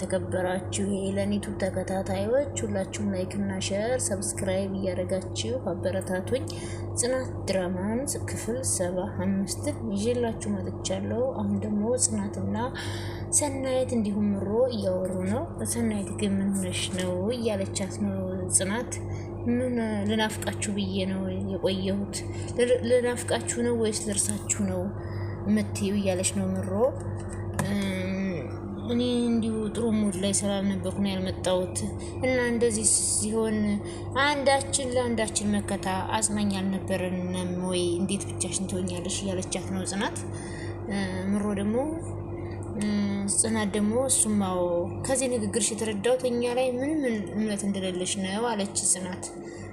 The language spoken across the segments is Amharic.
የተከበራችሁ የኤለኒቱ ተከታታዮች ሁላችሁም ላይክ እና ሸር ሰብስክራይብ እያደረጋችሁ አበረታቱኝ። ጽናት ድራማን ክፍል ሰባ አምስትን ይዤላችሁ መጥቻለሁ። አሁን ደግሞ ጽናትና ሰናየት እንዲሁም ምሮ እያወሩ ነው። ሰናየት ግን ምን ሆነሽ ነው እያለቻት ነው ጽናት ምን ልናፍቃችሁ ብዬ ነው የቆየሁት? ልናፍቃችሁ ነው ወይስ ልርሳችሁ ነው የምትይው? እያለች ነው ምሮ እኔ እንዲሁ ጥሩ ሙድ ላይ ስላልነበርኩ ነው ያልመጣሁት። እና እንደዚህ ሲሆን አንዳችን ለአንዳችን መከታ አጽናኝ አልነበረንም ወይ? እንዴት ብቻሽን ትሆኛለሽ? እያለቻት ነው ጽናት። ምሮ ደግሞ ጽናት ደግሞ እሱማው ከዚህ ንግግርሽ የተረዳሁት እኛ ላይ ምንም እምነት እንደሌለሽ ነው አለች ጽናት።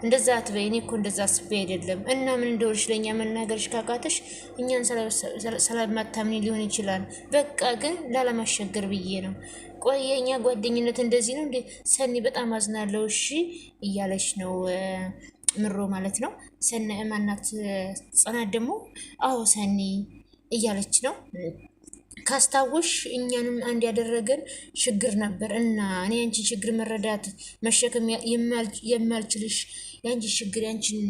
እንደዛ አትበይ፣ እኔ እኮ እንደዛ አስቤ አይደለም። እና ምን እንደሆንሽ ለእኛ መናገርሽ ካቃተሽ እኛን ስለማታምኒ ሊሆን ይችላል። በቃ ግን ላለማሸገር ብዬ ነው። ቆይ የእኛ ጓደኝነት እንደዚህ ነው እንዴ? ሰኒ በጣም አዝናለው። እሺ እያለች ነው ምሮ ማለት ነው። ሰነ እማናት ጽናት ደግሞ አዎ ሰኒ እያለች ነው ካስታወሽ እኛንም አንድ ያደረገን ችግር ነበር እና እኔ ያንቺን ችግር መረዳት መሸከም የማልችልሽ ያንቺ ችግር ያንቺን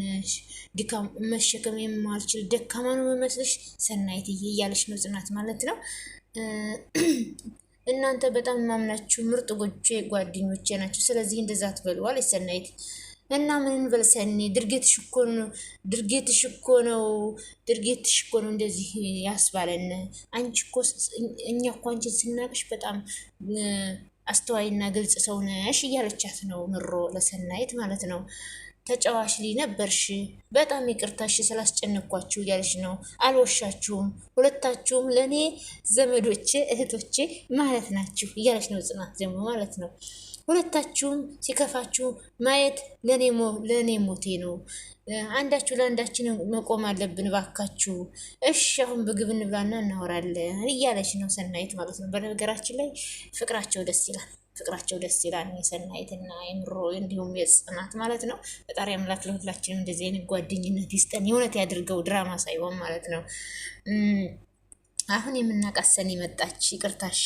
ድካም መሸከም የማልችል ደካማ ነው የሚመስልሽ ሰናይትዬ እያለች ነው ጽናት ማለት ነው። እናንተ በጣም ማምናችሁ ምርጥ ጎጆ ጓደኞቼ ናቸው። ስለዚህ እንደዛ ትበለዋል ሰናይት እና ምን እንበል ሰኒ፣ ድርጊትሽ እኮ ነው፣ ድርጊትሽ እኮ ነው፣ ድርጊትሽ እኮ ነው እንደዚህ ያስባለን። አንቺ እኮ እኛ እኮ አንቺን ስናቅሽ በጣም አስተዋይና ግልጽ ሰው ነሽ እያለቻት ነው ምሮ ለሰናይት ማለት ነው። ተጫዋች ልጅ ነበርሽ፣ በጣም ይቅርታሽ ስላስጨነኳችሁ እያለች ነው። አልወሻችሁም፣ ሁለታችሁም ለእኔ ዘመዶቼ እህቶቼ ማለት ናችሁ እያለች ነው። ጽናት ደግሞ ማለት ነው ሁለታችሁም ሲከፋችሁ ማየት ለእኔ ሞቴ ነው። አንዳችሁ ለአንዳችን መቆም አለብን ባካችሁ። እሺ አሁን ምግብ እንብላና እናወራለን እያለች ነው ሰናይት ማለት ነው። በነገራችን ላይ ፍቅራቸው ደስ ይላል። ፍቅራቸው ደስ ይላል። የሰናይትና የምሮ እንዲሁም የጽናት ማለት ነው። ፈጣሪ አምላክ ለሁላችንም እንደዚህ አይነት ጓደኝነት ይስጠን፣ የእውነት ያድርገው፣ ድራማ ሳይሆን ማለት ነው። አሁን የምናቃሰን መጣች ይቅርታሽ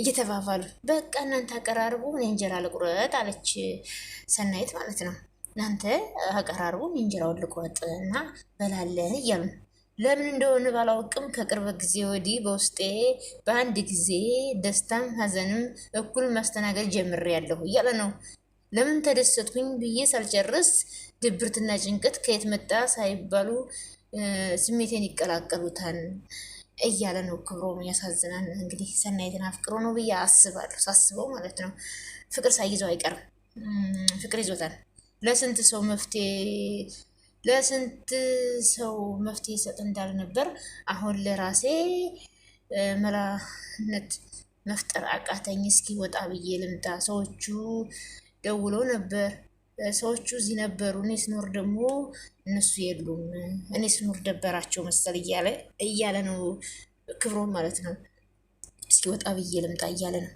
እየተባባሉ በቃ እናንተ አቀራርቡ እንጀራ ልቁረጥ አለች ሰናይት ማለት ነው። እናንተ አቀራርቡ እንጀራውን ልቁረጥ እና በላለን እያሉ ለምን እንደሆነ ባላውቅም ከቅርብ ጊዜ ወዲህ በውስጤ በአንድ ጊዜ ደስታም ሀዘንም እኩል ማስተናገድ ያለሁ እያለ ነው። ለምን ተደሰትኩኝ ብዬ ሳልጨርስ ድብርትና ጭንቀት ከየት መጣ ሳይባሉ ስሜቴን ይቀላቀሉታል እያለ ነው። ክብሮም ያሳዝናል። እንግዲህ ሰናይትን አፍቅሮ ነው ብዬ አስባለሁ፣ ሳስበው ማለት ነው። ፍቅር ሳይዘው አይቀርም፣ ፍቅር ይዞታል። ለስንት ሰው መፍትሄ ለስንት ሰው መፍትሄ ይሰጥ እንዳልነበር አሁን ለራሴ መላነት መፍጠር አቃተኝ። እስኪ ወጣ ብዬ ልምጣ። ሰዎቹ ደውለው ነበር። ሰዎቹ እዚህ ነበሩ። እኔ ስኖር ደግሞ እነሱ የሉም። እኔ ስኖር ደበራቸው መሰል እያለ ነው ክብሮን ማለት ነው። እስኪ ወጣ ብዬ ልምጣ እያለ ነው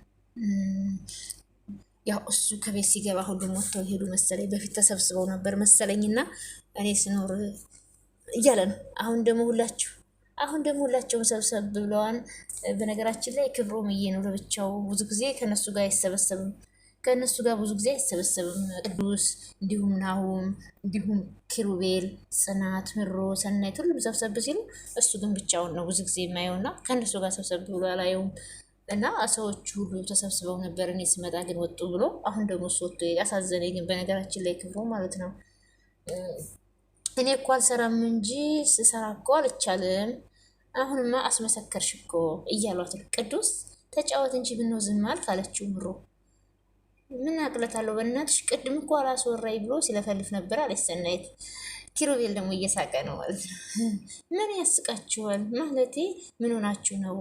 ያው እሱ ከቤት ሲገባ ሁሉም ወጥተው ይሄዱ መሰለኝ። በፊት ተሰብስበው ነበር መሰለኝና እኔ ስኖር እያለ ነው። አሁን ደግሞ ሁላችሁ አሁን ደግሞ ሁላቸውም ሰብሰብ ብለዋል። በነገራችን ላይ ክብሮም እየኖረ ነው ለብቻው ብዙ ጊዜ ከነሱ ጋር አይሰበሰብም። ከእነሱ ጋር ብዙ ጊዜ አይሰበሰብም። ቅዱስ እንዲሁም ናሁም እንዲሁም ኪሩቤል፣ ጽናት፣ ምሮ፣ ሰናይት ሁሉም ሰብሰብ ሲሉ እሱ ግን ብቻውን ነው ብዙ ጊዜ የማየውና ከእነሱ ጋር ሰብሰብ ብሎ አላየውም። እና ሰዎች ሁሉም ተሰብስበው ነበር። እኔ ስመጣ ግን ወጡ ብሎ አሁን ደግሞ እሱ ወጥቶ ግን በነገራችን ላይ ክብሮ ማለት ነው። እኔ እኮ አልሰራም እንጂ ስሰራ እኮ አልቻልም። አሁንማ አስመሰከርሽ እኮ እያሏት ቅዱስ ተጫወት እንጂ ብነው ዝም አልክ አለችው ምሮ። ምን አቅለታለሁ በእናትሽ፣ ቅድም እኮ አላስወራኝ ብሎ ሲለፈልፍ ነበር አለች ሰናይት። ኪሩቤል ደግሞ እየሳቀ ነው ማለት ነው። ምን ያስቃችኋል? ማለቴ ምን ሆናችሁ ነው?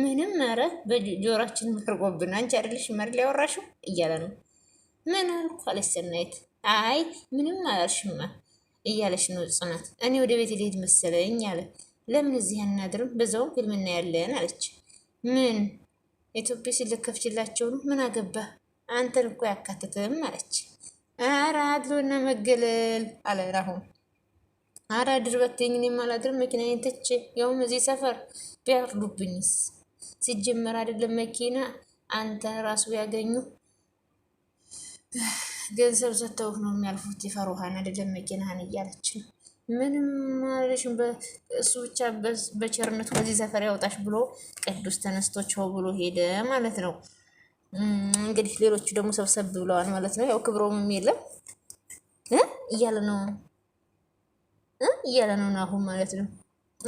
ምንም ኧረ በጆሮችን መርጎብን አንቺ አይደለሽ መር ሊያወራሽው እያለ ነው። ምን አልኩ አለች ሰናይት። አይ ምንም አላልሽማ እያለች ነው ጽናት። እኔ ወደ ቤት ልሄድ መሰለኝ አለ። ለምን እዚህ አናድርም? በዛውም ፊልም እናያለን አለች። ምን ኢትዮጵያ ሲለከፍችላቸው ነው። ምን አገባ አንተን እኮ ያካትትም አለች። አረ አድሎና መገለል አለ ራሁን ድርበት ድርበትኝን ማላድር መኪናዬን ትቼ ያውም እዚህ ሰፈር ቢያርዱብኝስ ሲጀመር አይደለም መኪና አንተ ራሱ ያገኙ ገንዘብ ሰጥተው ነው የሚያልፉት። ይፈሩሃን አይደለም መኪናህን እያለች ነው። ምንም ማለሽም እሱ ብቻ በቸርነቱ ከዚህ ሰፈር ያውጣሽ ብሎ ቅዱስ ቸው ብሎ ሄደ ማለት ነው። እንግዲህ ሌሎቹ ደግሞ ሰብሰብ ብለዋል ማለት ነው። ያው ክብሮምም የለም እያለ ነው እያለ ነው ናሁን ማለት ነው።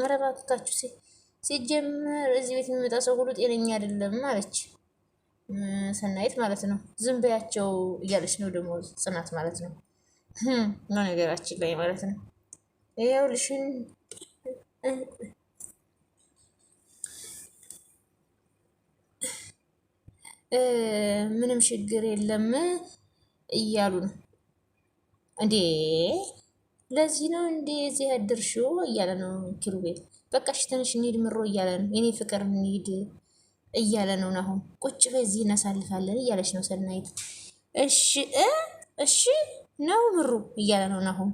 ኧረ እባካችሁ ሴ ሲጀምር እዚህ ቤት የሚመጣ ሰው ሁሉ ጤነኛ አይደለም አለች ሰናይት ማለት ነው። ዝም በያቸው እያለች ነው ደግሞ ጽናት ማለት ነው። ነገራችን ላይ ማለት ነው ያው ልሽን ምንም ችግር የለም እያሉ ነው እንዴ። ለዚህ ነው እንዴ እዚህ ያደርሽው እያለ ነው ኪሩቤል በቃ እሺ ትንሽ እንሂድ ምሮ እያለ ነው የኔ ፍቅር እንሂድ እያለ ነው። አሁን ቁጭ በዚህ እናሳልፋለን እያለች ነው ሰናይት። እሺ እሺ ነው ምሩ እያለ ነው አሁን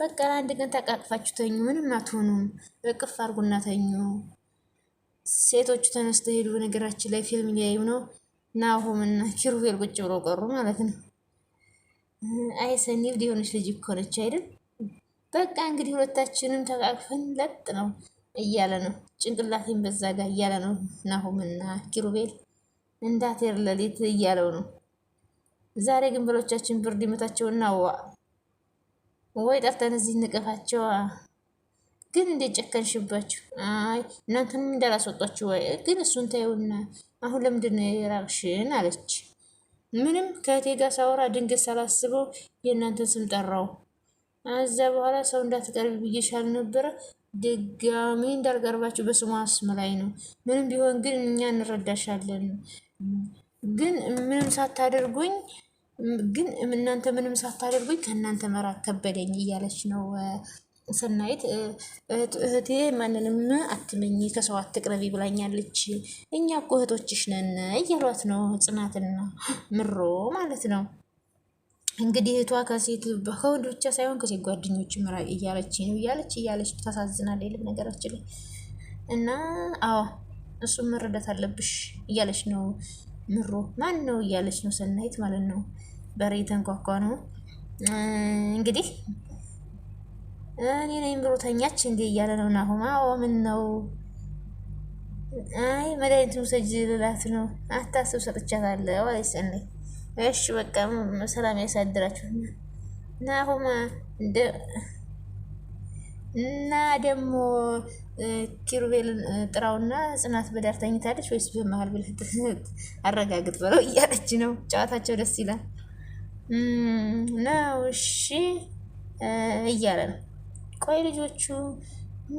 በቃ አንድ ቀን ተቃቅፋችሁ ተኙ፣ ምንም አትሆኑም፣ በቅፍ አድርጉና ተኙ። ሴቶቹ ተነስተው ሄዱ። ነገራችን ላይ ፊልም ሊያዩ ነው ናሆም እና ኪሩቤል ቁጭ ብለው ቀሩ ማለት ነው። አይ ሰኒ ሊሆነች ልጅ እኮ ነች አይደል? በቃ እንግዲህ ሁለታችንም ተቃቅፈን ለጥ ነው እያለ ነው ጭንቅላቴን በዛ ጋር እያለ ነው ናሁምና ኪሩቤል እንዳቴር ለሌት እያለው ነው። ዛሬ ግን በሎቻችን ብርድ ይመታቸውና ዋ ወይ ጠርተን እዚህ እንቀፋቸዋ። ግን እንዴት ጨከንሽባችሁ? አይ እናንተም እንዳላስወጧችሁ ወይ ግን እሱን ታዩና አሁን ለምንድን ነው የራቅሽን? አለች ምንም ከቴጋ ሳወራ ድንገት ሳላስበው የእናንተን ስም ጠራው። እዛ በኋላ ሰው እንዳትቀርቢ ብዬሻል ነበረ። ድጋሚ እንዳልቀርባቸው በስሟ ስም ነው። ምንም ቢሆን ግን እኛ እንረዳሻለን። ግን ምንም ሳታደርጉኝ ግን እናንተ ምንም ሳታደርጉኝ ከእናንተ መራቅ ከበደኝ እያለች ነው ሰናይት። እህቴ ማንንም አትመኝ፣ ከሰው አትቅረቢ ብላኛለች። እኛ እኮ እህቶችሽ ነን እያሏት ነው ጽናትና ምሮ ማለት ነው። እንግዲህ እህቷ ከሴት ከወንድ ብቻ ሳይሆን ከሴት ጓደኞች ምራ እያለች ነው እያለች እያለች ታሳዝናል። የለም ነገራችን ላይ እና አዎ እሱ መረዳት አለብሽ እያለች ነው ምሮ። ማን ነው እያለች ነው ሰናይት ማለት ነው። በሬ ተንኳኳ ነው እንግዲህ እኔ ነኝ ምሮ ተኛች እንዲ እያለ ነው ናሁማ። አዎ ምን ነው አይ መድኃኒቱን ውሰጅ ልላት ነው። አታስብ ሰጥቻታለሁ አለች ሰናይት እሺ በቃ ሰላም ያሳድራችሁ። እና አሁን እና ደግሞ ኪሩቤልን ጥራውና ጽናት በዳር ተኝታለች ወይስ በመሀል ብለህ አረጋግጥ በለው እያለች ነው። ጨዋታቸው ደስ ይላል ነው። እሺ እያለ ነው። ቆይ ልጆቹ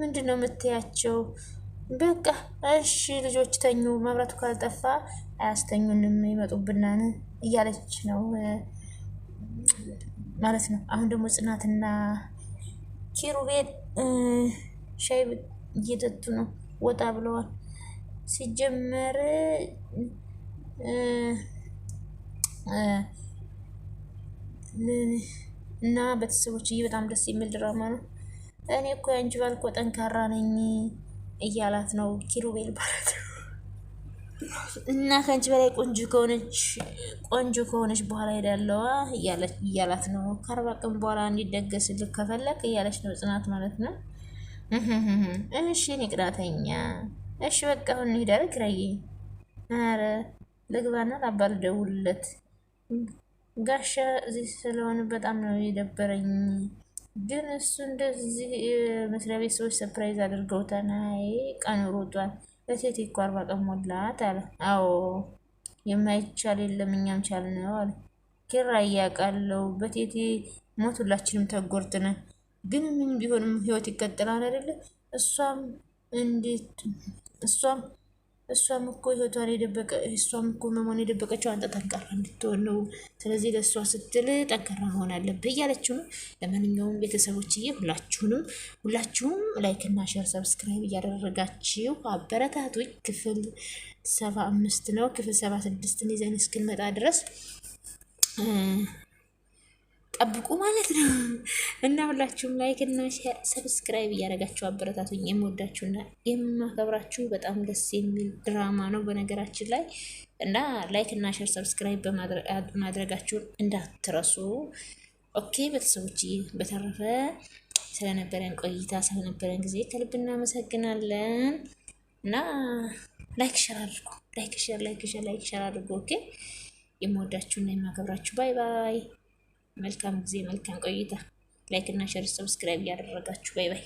ምንድን ነው የምትያቸው? በቃ እሺ ልጆች ተኙ፣ መብራቱ ካልጠፋ አያስተኙንም፣ ይመጡብናን እያለች ነው ማለት ነው። አሁን ደግሞ ጽናትና ኪሩቤል ሻይ እየጠጡ ነው፣ ወጣ ብለዋል። ሲጀመር እና ቤተሰቦችዬ በጣም ደስ የሚል ድራማ ነው። እኔ እኮ ያንቺ ባልኮ ጠንካራ ነኝ እያላት ነው ኪሩቤል ማለት ነው። እና ከአንቺ በላይ ቆንጆ ከሆነች ቆንጆ ከሆነች በኋላ ሄዳለዋ እያላት ነው። ከአርባ ቀን በኋላ እንዲደገስልህ ከፈለክ እያለች ነው ጽናት ማለት ነው። እሺ እኔ ቅናተኛ እሺ በቃ አሁን እንሄዳለን። ኪራዬ ኧረ ልግባና ለአባል ደውልለት ጋሻ እዚህ ስለሆነ በጣም ነው የደበረኝ። ግን እሱ እንደዚህ መስሪያ ቤት ሰዎች ሰፕራይዝ አድርገውታል። ቀኑ ሮጧል። በሴት እኮ አርባ ሞላት አለ። አዎ የማይቻል የለም እኛም ቻል ነው አለ። ኪራ እያቃለው በቴቴ ሞት ሁላችንም ተጎርጥነን፣ ግን ምን ቢሆንም ህይወት ይቀጥላል አይደለ? እሷም እንዴት እሷም እሷም እኮ ህይወቷን የደበቀ እሷም እኮ መሆን የደበቀችው አንተ ጠንካራ እንድትሆን ነው። ስለዚህ ለእሷ ስትል ጠንካራ መሆን አለብህ እያለችው ነው። ለማንኛውም ቤተሰቦችዬ ሁላችሁንም ሁላችሁም ላይክና ሸር ሰብስክራይብ እያደረጋችሁ አበረታቶች ክፍል ሰባ አምስት ነው። ክፍል ሰባ ስድስትን ይዘን እስክንመጣ ድረስ ጠብቁ ማለት ነው። እና ሁላችሁም ላይክ እና ሼር፣ ሰብስክራይብ እያደረጋችሁ አበረታቱኝ። የምወዳችሁና የማከብራችሁ በጣም ደስ የሚል ድራማ ነው በነገራችን ላይ እና ላይክ እና ሼር፣ ሰብስክራይብ በማድረጋችሁን እንዳትረሱ። ኦኬ ቤተሰቦች፣ በተረፈ ስለነበረን ቆይታ ስለነበረን ጊዜ ከልብ እናመሰግናለን እና ላይክ ሸር አድርጉ። ላይክ ሸር ላይክ ሸር ላይክ ሸር አድርጉ። ኦኬ የምወዳችሁና የማከብራችሁ ባይ ባይ። መልካም ጊዜ፣ መልካም ቆይታ። ላይክ እና ሸር፣ ሰብስክራይብ እያደረጋችሁ ባይ ባይ።